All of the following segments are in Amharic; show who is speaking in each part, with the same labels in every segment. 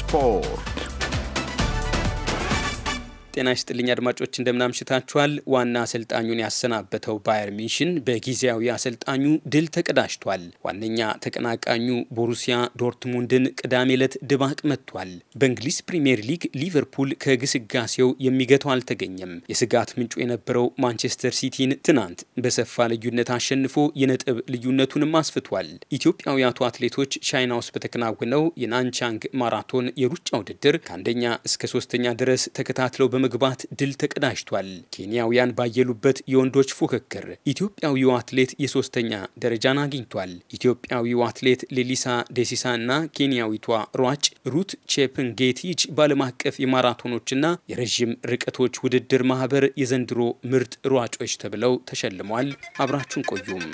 Speaker 1: spor. ጤና ይስጥልኝ አድማጮች እንደምናምሽታችኋል። ዋና አሰልጣኙን ያሰናበተው ባየር ሚንሽን በጊዜያዊ አሰልጣኙ ድል ተቀዳጅቷል። ዋነኛ ተቀናቃኙ ቦሩሲያ ዶርትሙንድን ቅዳሜ ዕለት ድባቅ መጥቷል። በእንግሊዝ ፕሪምየር ሊግ ሊቨርፑል ከግስጋሴው የሚገተው አልተገኘም። የስጋት ምንጩ የነበረው ማንቸስተር ሲቲን ትናንት በሰፋ ልዩነት አሸንፎ የነጥብ ልዩነቱንም አስፍቷል። ኢትዮጵያውያቱ አትሌቶች ቻይና ውስጥ በተከናወነው የናንቻንግ ማራቶን የሩጫ ውድድር ከአንደኛ እስከ ሶስተኛ ድረስ ተከታትለው በመ በመግባት ድል ተቀዳጅቷል። ኬንያውያን ባየሉበት የወንዶች ፉክክር ኢትዮጵያዊው አትሌት የሶስተኛ ደረጃን አግኝቷል። ኢትዮጵያዊው አትሌት ሌሊሳ ደሲሳ እና ኬንያዊቷ ሯጭ ሩት ቼፕንጌቲች በዓለም አቀፍ የማራቶኖችና የረዥም ርቀቶች ውድድር ማህበር የዘንድሮ ምርጥ ሯጮች ተብለው ተሸልሟል። አብራችሁን ቆዩም።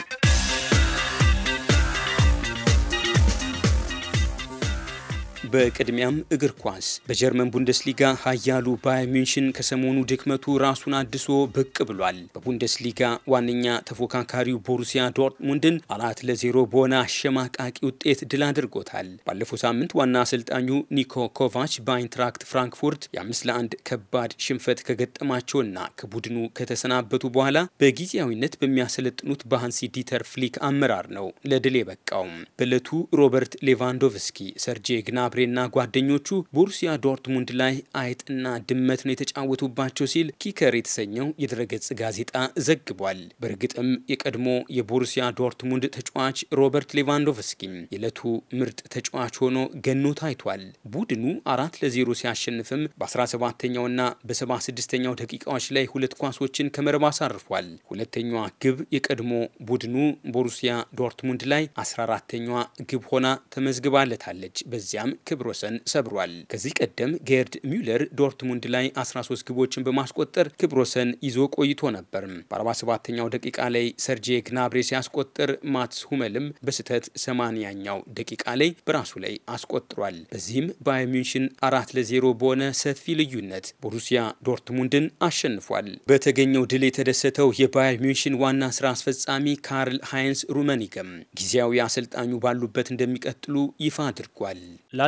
Speaker 1: በቅድሚያም እግር ኳስ በጀርመን ቡንደስሊጋ ኃያሉ ባየር ሚንሽን ከሰሞኑ ድክመቱ ራሱን አድሶ ብቅ ብሏል። በቡንደስሊጋ ዋነኛ ተፎካካሪው ቦሩሲያ ዶርትሙንድን አራት ለዜሮ በሆነ አሸማቃቂ ውጤት ድል አድርጎታል። ባለፈው ሳምንት ዋና አሰልጣኙ ኒኮ ኮቫች በአይንትራክት ፍራንክፉርት የአምስት ለአንድ ከባድ ሽንፈት ከገጠማቸውና ከቡድኑ ከተሰናበቱ በኋላ በጊዜያዊነት በሚያሰለጥኑት በሃንሲ ዲተር ፍሊክ አመራር ነው ለድል የበቃውም። በለቱ ሮበርት ሌቫንዶቭስኪ፣ ሰርጄ ግናብሬ ዴምቤሌና ጓደኞቹ ቦሩሲያ ዶርትሙንድ ላይ አይጥና ድመት ነው የተጫወቱባቸው ሲል ኪከር የተሰኘው የድረገጽ ጋዜጣ ዘግቧል። በእርግጥም የቀድሞ የቦሩሲያ ዶርትሙንድ ተጫዋች ሮበርት ሌቫንዶቭስኪ የዕለቱ ምርጥ ተጫዋች ሆኖ ገኖ ታይቷል። ቡድኑ አራት ለዜሮ ሲያሸንፍም በ17ኛውና በ76ኛው ደቂቃዎች ላይ ሁለት ኳሶችን ከመረብ አሳርፏል። ሁለተኛዋ ግብ የቀድሞ ቡድኑ ቦሩሲያ ዶርትሙንድ ላይ 14ተኛዋ ግብ ሆና ተመዝግባለታለች። በዚያም ክብረ ወሰን ሰብሯል። ከዚህ ቀደም ጌርድ ሚውለር ዶርትሙንድ ላይ 13 ግቦችን በማስቆጠር ክብረ ወሰን ይዞ ቆይቶ ነበር። በ47ኛው ደቂቃ ላይ ሰርጄ ግናብሬ ሲያስቆጥር ማትስ ሁመልም በስህተት 80ኛው ደቂቃ ላይ በራሱ ላይ አስቆጥሯል። በዚህም ባየር ሚንሽን አራት ለዜሮ በሆነ ሰፊ ልዩነት ቦሩሲያ ዶርትሙንድን አሸንፏል። በተገኘው ድል የተደሰተው የባየር ሚንሽን ዋና ስራ አስፈጻሚ ካርል ሃይንስ ሩመኒገም ጊዜያዊ አሰልጣኙ ባሉበት እንደሚቀጥሉ ይፋ አድርጓል።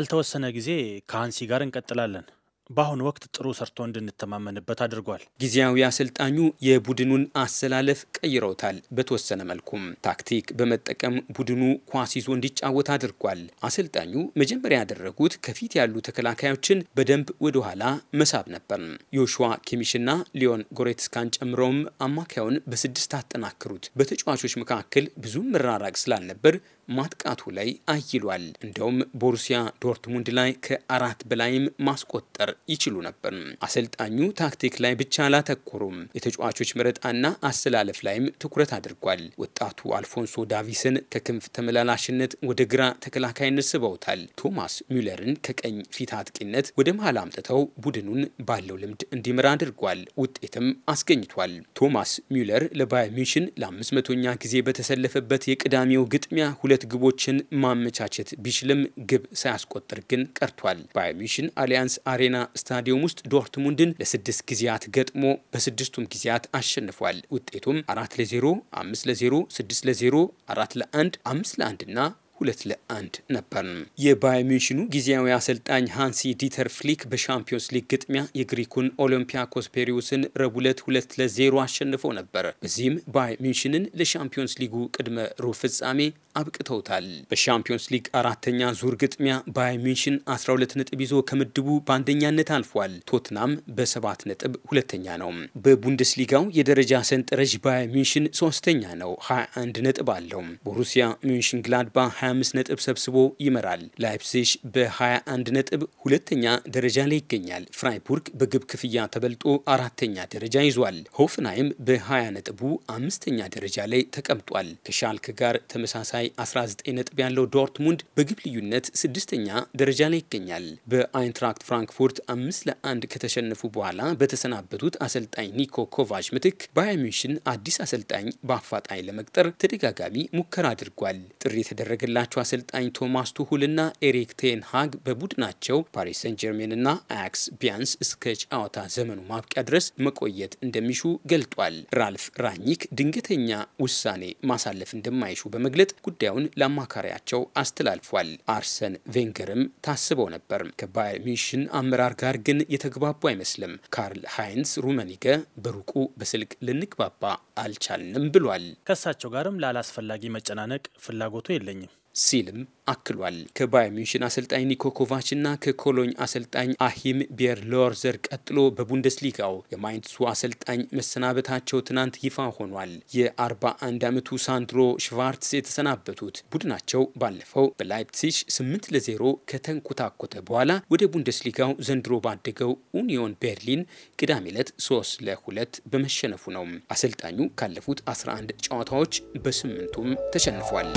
Speaker 1: ላልተወሰነ ጊዜ ከሀንሲ ጋር እንቀጥላለን። በአሁኑ ወቅት ጥሩ ሰርቶ እንድንተማመንበት አድርጓል። ጊዜያዊ አሰልጣኙ የቡድኑን አሰላለፍ ቀይረውታል። በተወሰነ መልኩም ታክቲክ በመጠቀም ቡድኑ ኳስ ይዞ እንዲጫወት አድርጓል። አሰልጣኙ መጀመሪያ ያደረጉት ከፊት ያሉ ተከላካዮችን በደንብ ወደኋላ መሳብ ነበር። ዮሹዋ ኬሚሽና ሊዮን ጎሬትስካን ጨምረውም አማካዩን በስድስት አጠናክሩት። በተጫዋቾች መካከል ብዙ መራራቅ ስላልነበር ማጥቃቱ ላይ አይሏል። እንደውም ቦሩሲያ ዶርትሙንድ ላይ ከአራት በላይም ማስቆጠር ይችሉ ነበር። አሰልጣኙ ታክቲክ ላይ ብቻ አላተኮሩም። የተጫዋቾች መረጣና አስተላለፍ ላይም ትኩረት አድርጓል። ወጣቱ አልፎንሶ ዳቪስን ከክንፍ ተመላላሽነት ወደ ግራ ተከላካይነት ስበውታል። ቶማስ ሚለርን ከቀኝ ፊት አጥቂነት ወደ መሀል አምጥተው ቡድኑን ባለው ልምድ እንዲመራ አድርጓል። ውጤትም አስገኝቷል። ቶማስ ሚለር ለባየር ሚሽን 500 መቶኛ ጊዜ በተሰለፈበት የቅዳሜው ግጥሚያ ሁለት ግቦችን ማመቻቸት ቢችልም ግብ ሳያስቆጥር ግን ቀርቷል። ባየር ሚሽን አሊያንስ አሬና ስታዲየም ውስጥ ዶርትሙንድን ለስድስት ጊዜያት ገጥሞ በስድስቱም ጊዜያት አሸንፏል። ውጤቱም አራት ለዜሮ አምስት ለዜሮ ስድስት ለዜሮ አራት ለአንድ አምስት ለአንድ ና ሁለት ለአንድ ነበር። የባየር ሚንሽኑ ጊዜያዊ አሰልጣኝ ሃንሲ ዲተር ፍሊክ በሻምፒዮንስ ሊግ ግጥሚያ የግሪኩን ኦሎምፒያኮስ ፔሪዮስን ረቡዕ ዕለት ሁለት ለዜሮ አሸንፎ ነበር። በዚህም ባየር ሚንሽንን ለሻምፒዮንስ ሊጉ ቅድመ ሩብ ፍጻሜ አብቅተውታል። በሻምፒዮንስ ሊግ አራተኛ ዙር ግጥሚያ ባየር ሚንሽን 12 ነጥብ ይዞ ከምድቡ በአንደኛነት አልፏል። ቶትናም በሰባት ነጥብ ሁለተኛ ነው። በቡንደስሊጋው የደረጃ ሰንጠረዥ ባየር ሚንሽን ሶስተኛ ነው፣ 21 ነጥብ አለው። ቦሩሲያ ሚንሽን ግላድባ 25 ነጥብ ሰብስቦ ይመራል። ላይፕሲሽ በ21 ነጥብ ሁለተኛ ደረጃ ላይ ይገኛል። ፍራይቡርግ በግብ ክፍያ ተበልጦ አራተኛ ደረጃ ይዟል። ሆፍንሃይም በ20 ነጥቡ አምስተኛ ደረጃ ላይ ተቀምጧል። ከሻልክ ጋር ተመሳሳይ 19 ነጥብ ያለው ዶርትሙንድ በግብ ልዩነት ስድስተኛ ደረጃ ላይ ይገኛል። በአይንትራክት ፍራንክፉርት አምስት ለአንድ ከተሸነፉ በኋላ በተሰናበቱት አሰልጣኝ ኒኮ ኮቫች ምትክ ባየር አዲስ አሰልጣኝ በአፋጣኝ ለመቅጠር ተደጋጋሚ ሙከራ አድርጓል። ጥሪ የተደረገላቸው አሰልጣኝ ቶማስ ቱሁልና ኤሪክ ቴንሃግ ሃግ በቡድናቸው ፓሪስ ሰን ጀርሜንና አያክስ ቢያንስ እስከ ጨዋታ ዘመኑ ማብቂያ ድረስ መቆየት እንደሚሹ ገልጧል። ራልፍ ራኒክ ድንገተኛ ውሳኔ ማሳለፍ እንደማይሹ በመግለጥ ጉዳዩን ለአማካሪያቸው አስተላልፏል። አርሰን ቬንገርም ታስበው ነበር። ከባየር ሚሽን አመራር ጋር ግን የተግባቡ አይመስልም። ካርል ሃይንስ ሩመኒገ በሩቁ በስልክ ልንግባባ አልቻልንም ብሏል። ከእሳቸው ጋርም ላላስፈላጊ መጨናነቅ ፍላጎቱ የለኝም ሲልም አክሏል። ከባየር ሚንሽን አሰልጣኝ ኒኮ ኮቫች እና ከኮሎኝ አሰልጣኝ አሂም ቤርሎርዘር ቀጥሎ በቡንደስሊጋው የማይንሱ አሰልጣኝ መሰናበታቸው ትናንት ይፋ ሆኗል። የ41 ዓመቱ ሳንድሮ ሽቫርትስ የተሰናበቱት ቡድናቸው ባለፈው በላይፕሲሽ 8 ለዜሮ ከተንኮታኮተ በኋላ ወደ ቡንደስሊጋው ዘንድሮ ባደገው ኡኒዮን ቤርሊን ቅዳሜ ዕለት 3 ለ2 በመሸነፉ ነው። አሰልጣኙ ካለፉት 11 ጨዋታዎች በስምንቱም ተሸንፏል።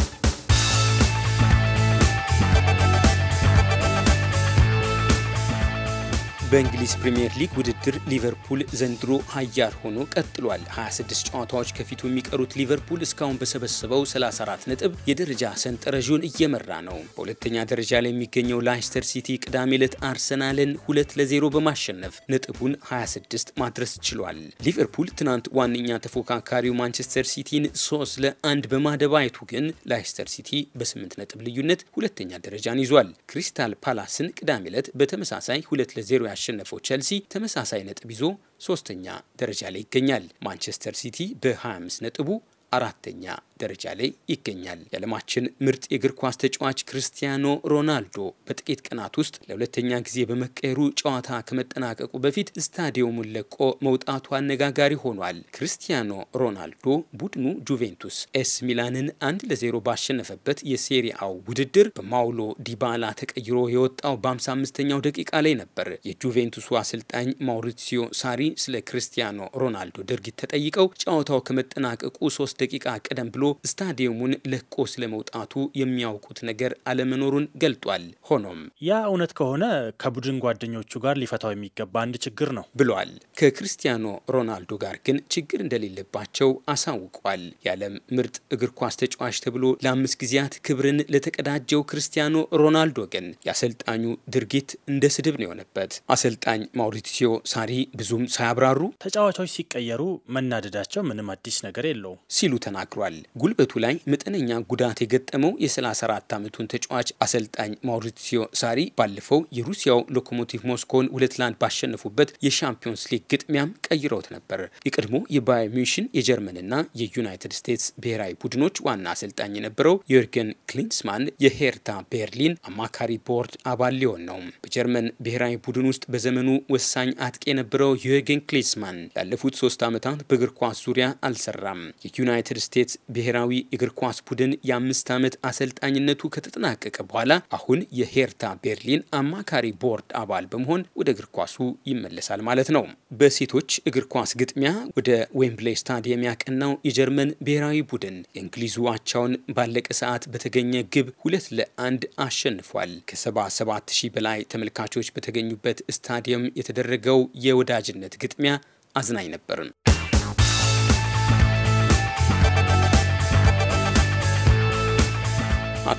Speaker 1: በእንግሊዝ ፕሪምየር ሊግ ውድድር ሊቨርፑል ዘንድሮ ሀያል ሆኖ ቀጥሏል። 26 ጨዋታዎች ከፊቱ የሚቀሩት ሊቨርፑል እስካሁን በሰበሰበው 34 ነጥብ የደረጃ ሰንጠረዥን እየመራ ነው። በሁለተኛ ደረጃ ላይ የሚገኘው ላይስተር ሲቲ ቅዳሜ ዕለት አርሰናልን 2 ለ0 በማሸነፍ ነጥቡን 26 ማድረስ ችሏል። ሊቨርፑል ትናንት ዋነኛ ተፎካካሪው ማንቸስተር ሲቲን 3 ለ1 በማደባየቱ ግን ላይስተር ሲቲ በ8 ነጥብ ልዩነት ሁለተኛ ደረጃን ይዟል። ክሪስታል ፓላስን ቅዳሜ ዕለት በተመሳሳይ 2 ለ0 ያሸነፈው ቸልሲ ተመሳሳይ ነጥብ ይዞ ሶስተኛ ደረጃ ላይ ይገኛል። ማንቸስተር ሲቲ በ25 ነጥቡ አራተኛ ደረጃ ላይ ይገኛል። የዓለማችን ምርጥ የእግር ኳስ ተጫዋች ክርስቲያኖ ሮናልዶ በጥቂት ቀናት ውስጥ ለሁለተኛ ጊዜ በመቀየሩ ጨዋታ ከመጠናቀቁ በፊት ስታዲየሙን ለቆ መውጣቱ አነጋጋሪ ሆኗል። ክርስቲያኖ ሮናልዶ ቡድኑ ጁቬንቱስ ኤስ ሚላንን አንድ ለዜሮ ባሸነፈበት የሴሪአው ውድድር በማውሎ ዲባላ ተቀይሮ የወጣው በ55ኛው ደቂቃ ላይ ነበር። የጁቬንቱሱ አሰልጣኝ ማውሪሲዮ ሳሪ ስለ ክርስቲያኖ ሮናልዶ ድርጊት ተጠይቀው ጨዋታው ከመጠናቀቁ ሶስት ደቂቃ ቀደም ብሎ ስታዲየሙን ለቆ ስለመውጣቱ የሚያውቁት ነገር አለመኖሩን ገልጧል። ሆኖም ያ እውነት ከሆነ ከቡድን ጓደኞቹ ጋር ሊፈታው የሚገባ አንድ ችግር ነው ብሏል። ከክርስቲያኖ ሮናልዶ ጋር ግን ችግር እንደሌለባቸው አሳውቋል። የዓለም ምርጥ እግር ኳስ ተጫዋች ተብሎ ለአምስት ጊዜያት ክብርን ለተቀዳጀው ክርስቲያኖ ሮናልዶ ግን የአሰልጣኙ ድርጊት እንደ ስድብ ነው የሆነበት። አሰልጣኝ ማውሪቲዮ ሳሪ ብዙም ሳያብራሩ ተጫዋቾች ሲቀየሩ መናደዳቸው ምንም አዲስ ነገር የለው ሲሉ ተናግሯል። ጉልበቱ ላይ መጠነኛ ጉዳት የገጠመው የ34 ዓመቱን ተጫዋች አሰልጣኝ ማውሪሲዮ ሳሪ ባለፈው የሩሲያው ሎኮሞቲቭ ሞስኮን ሁለት ለአንድ ባሸነፉበት የሻምፒዮንስ ሊግ ግጥሚያም ቀይረውት ነበር። የቀድሞ የባየር ሚሽን የጀርመንና የዩናይትድ ስቴትስ ብሔራዊ ቡድኖች ዋና አሰልጣኝ የነበረው ዮርገን ክሊንስማን የሄርታ ቤርሊን አማካሪ ቦርድ አባል ሊሆን ነው። በጀርመን ብሔራዊ ቡድን ውስጥ በዘመኑ ወሳኝ አጥቂ የነበረው ዮርገን ክሊንስማን ላለፉት ሶስት ዓመታት በእግር ኳስ ዙሪያ አልሰራም። የዩናይትድ ስቴትስ ብሔ ብሔራዊ እግር ኳስ ቡድን የአምስት ዓመት አሰልጣኝነቱ ከተጠናቀቀ በኋላ አሁን የሄርታ ቤርሊን አማካሪ ቦርድ አባል በመሆን ወደ እግር ኳሱ ይመለሳል ማለት ነው። በሴቶች እግር ኳስ ግጥሚያ ወደ ዌምብሌይ ስታዲየም ያቀናው የጀርመን ብሔራዊ ቡድን የእንግሊዙ አቻውን ባለቀ ሰዓት በተገኘ ግብ ሁለት ለአንድ አሸንፏል። ከ77 ሺህ በላይ ተመልካቾች በተገኙበት ስታዲየም የተደረገው የወዳጅነት ግጥሚያ አዝናኝ ነበርን።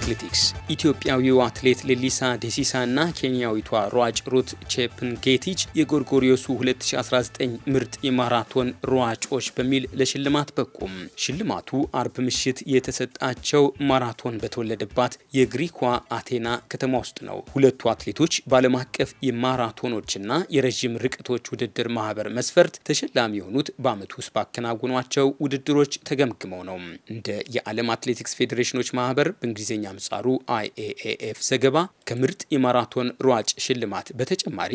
Speaker 1: አትሌቲክስ ኢትዮጵያዊው አትሌት ሌሊሳ ዴሲሳ እና ኬንያዊቷ ሯጭ ሩት ቼፕንጌቲች የጎርጎሪዮሱ 2019 ምርጥ የማራቶን ሯጮች በሚል ለሽልማት በቁም። ሽልማቱ አርብ ምሽት የተሰጣቸው ማራቶን በተወለደባት የግሪኳ አቴና ከተማ ውስጥ ነው። ሁለቱ አትሌቶች በዓለም አቀፍ የማራቶኖችና የረዥም ርቀቶች ውድድር ማህበር መስፈርት ተሸላሚ የሆኑት በዓመቱ ውስጥ ባከናወኗቸው ውድድሮች ተገምግመው ነው። እንደ የዓለም አትሌቲክስ ፌዴሬሽኖች ማህበር በእንግሊዝኛ በምህጻሩ አይኤኤኤፍ ዘገባ ከምርጥ የማራቶን ሯጭ ሽልማት በተጨማሪ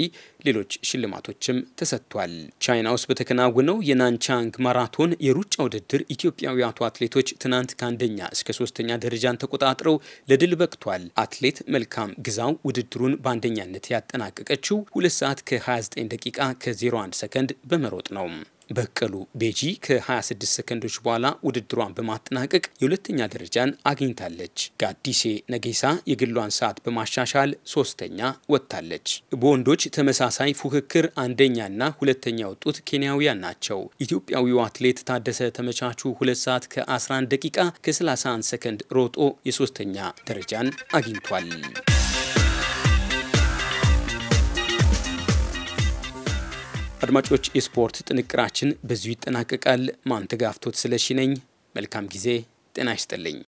Speaker 1: ሌሎች ሽልማቶችም ተሰጥቷል። ቻይና ውስጥ በተከናወነው የናንቻንግ ማራቶን የሩጫ ውድድር ኢትዮጵያዊያቱ አትሌቶች ትናንት ከአንደኛ እስከ ሶስተኛ ደረጃን ተቆጣጥረው ለድል በቅቷል። አትሌት መልካም ግዛው ውድድሩን በአንደኛነት ያጠናቀቀችው ሁለት ሰዓት ከ29 ደቂቃ ከ01 ሰከንድ በመሮጥ ነው። በቀሉ ቤጂ ከ26 ሰከንዶች በኋላ ውድድሯን በማጠናቀቅ የሁለተኛ ደረጃን አግኝታለች። ጋዲሴ ነጌሳ የግሏን ሰዓት በማሻሻል ሶስተኛ ወጥታለች። በወንዶች ተመሳሳይ ፉክክር አንደኛና ሁለተኛ የወጡት ኬንያውያን ናቸው። ኢትዮጵያዊው አትሌት ታደሰ ተመቻቹ 2 ሰዓት ከ11 ደቂቃ ከ31 ሰከንድ ሮጦ የሶስተኛ ደረጃን አግኝቷል። አድማጮች፣ የስፖርት ጥንቅራችን በዚሁ ይጠናቀቃል። ማንተጋፍቶት ስለሺ ነኝ። መልካም ጊዜ። ጤና ይስጥልኝ።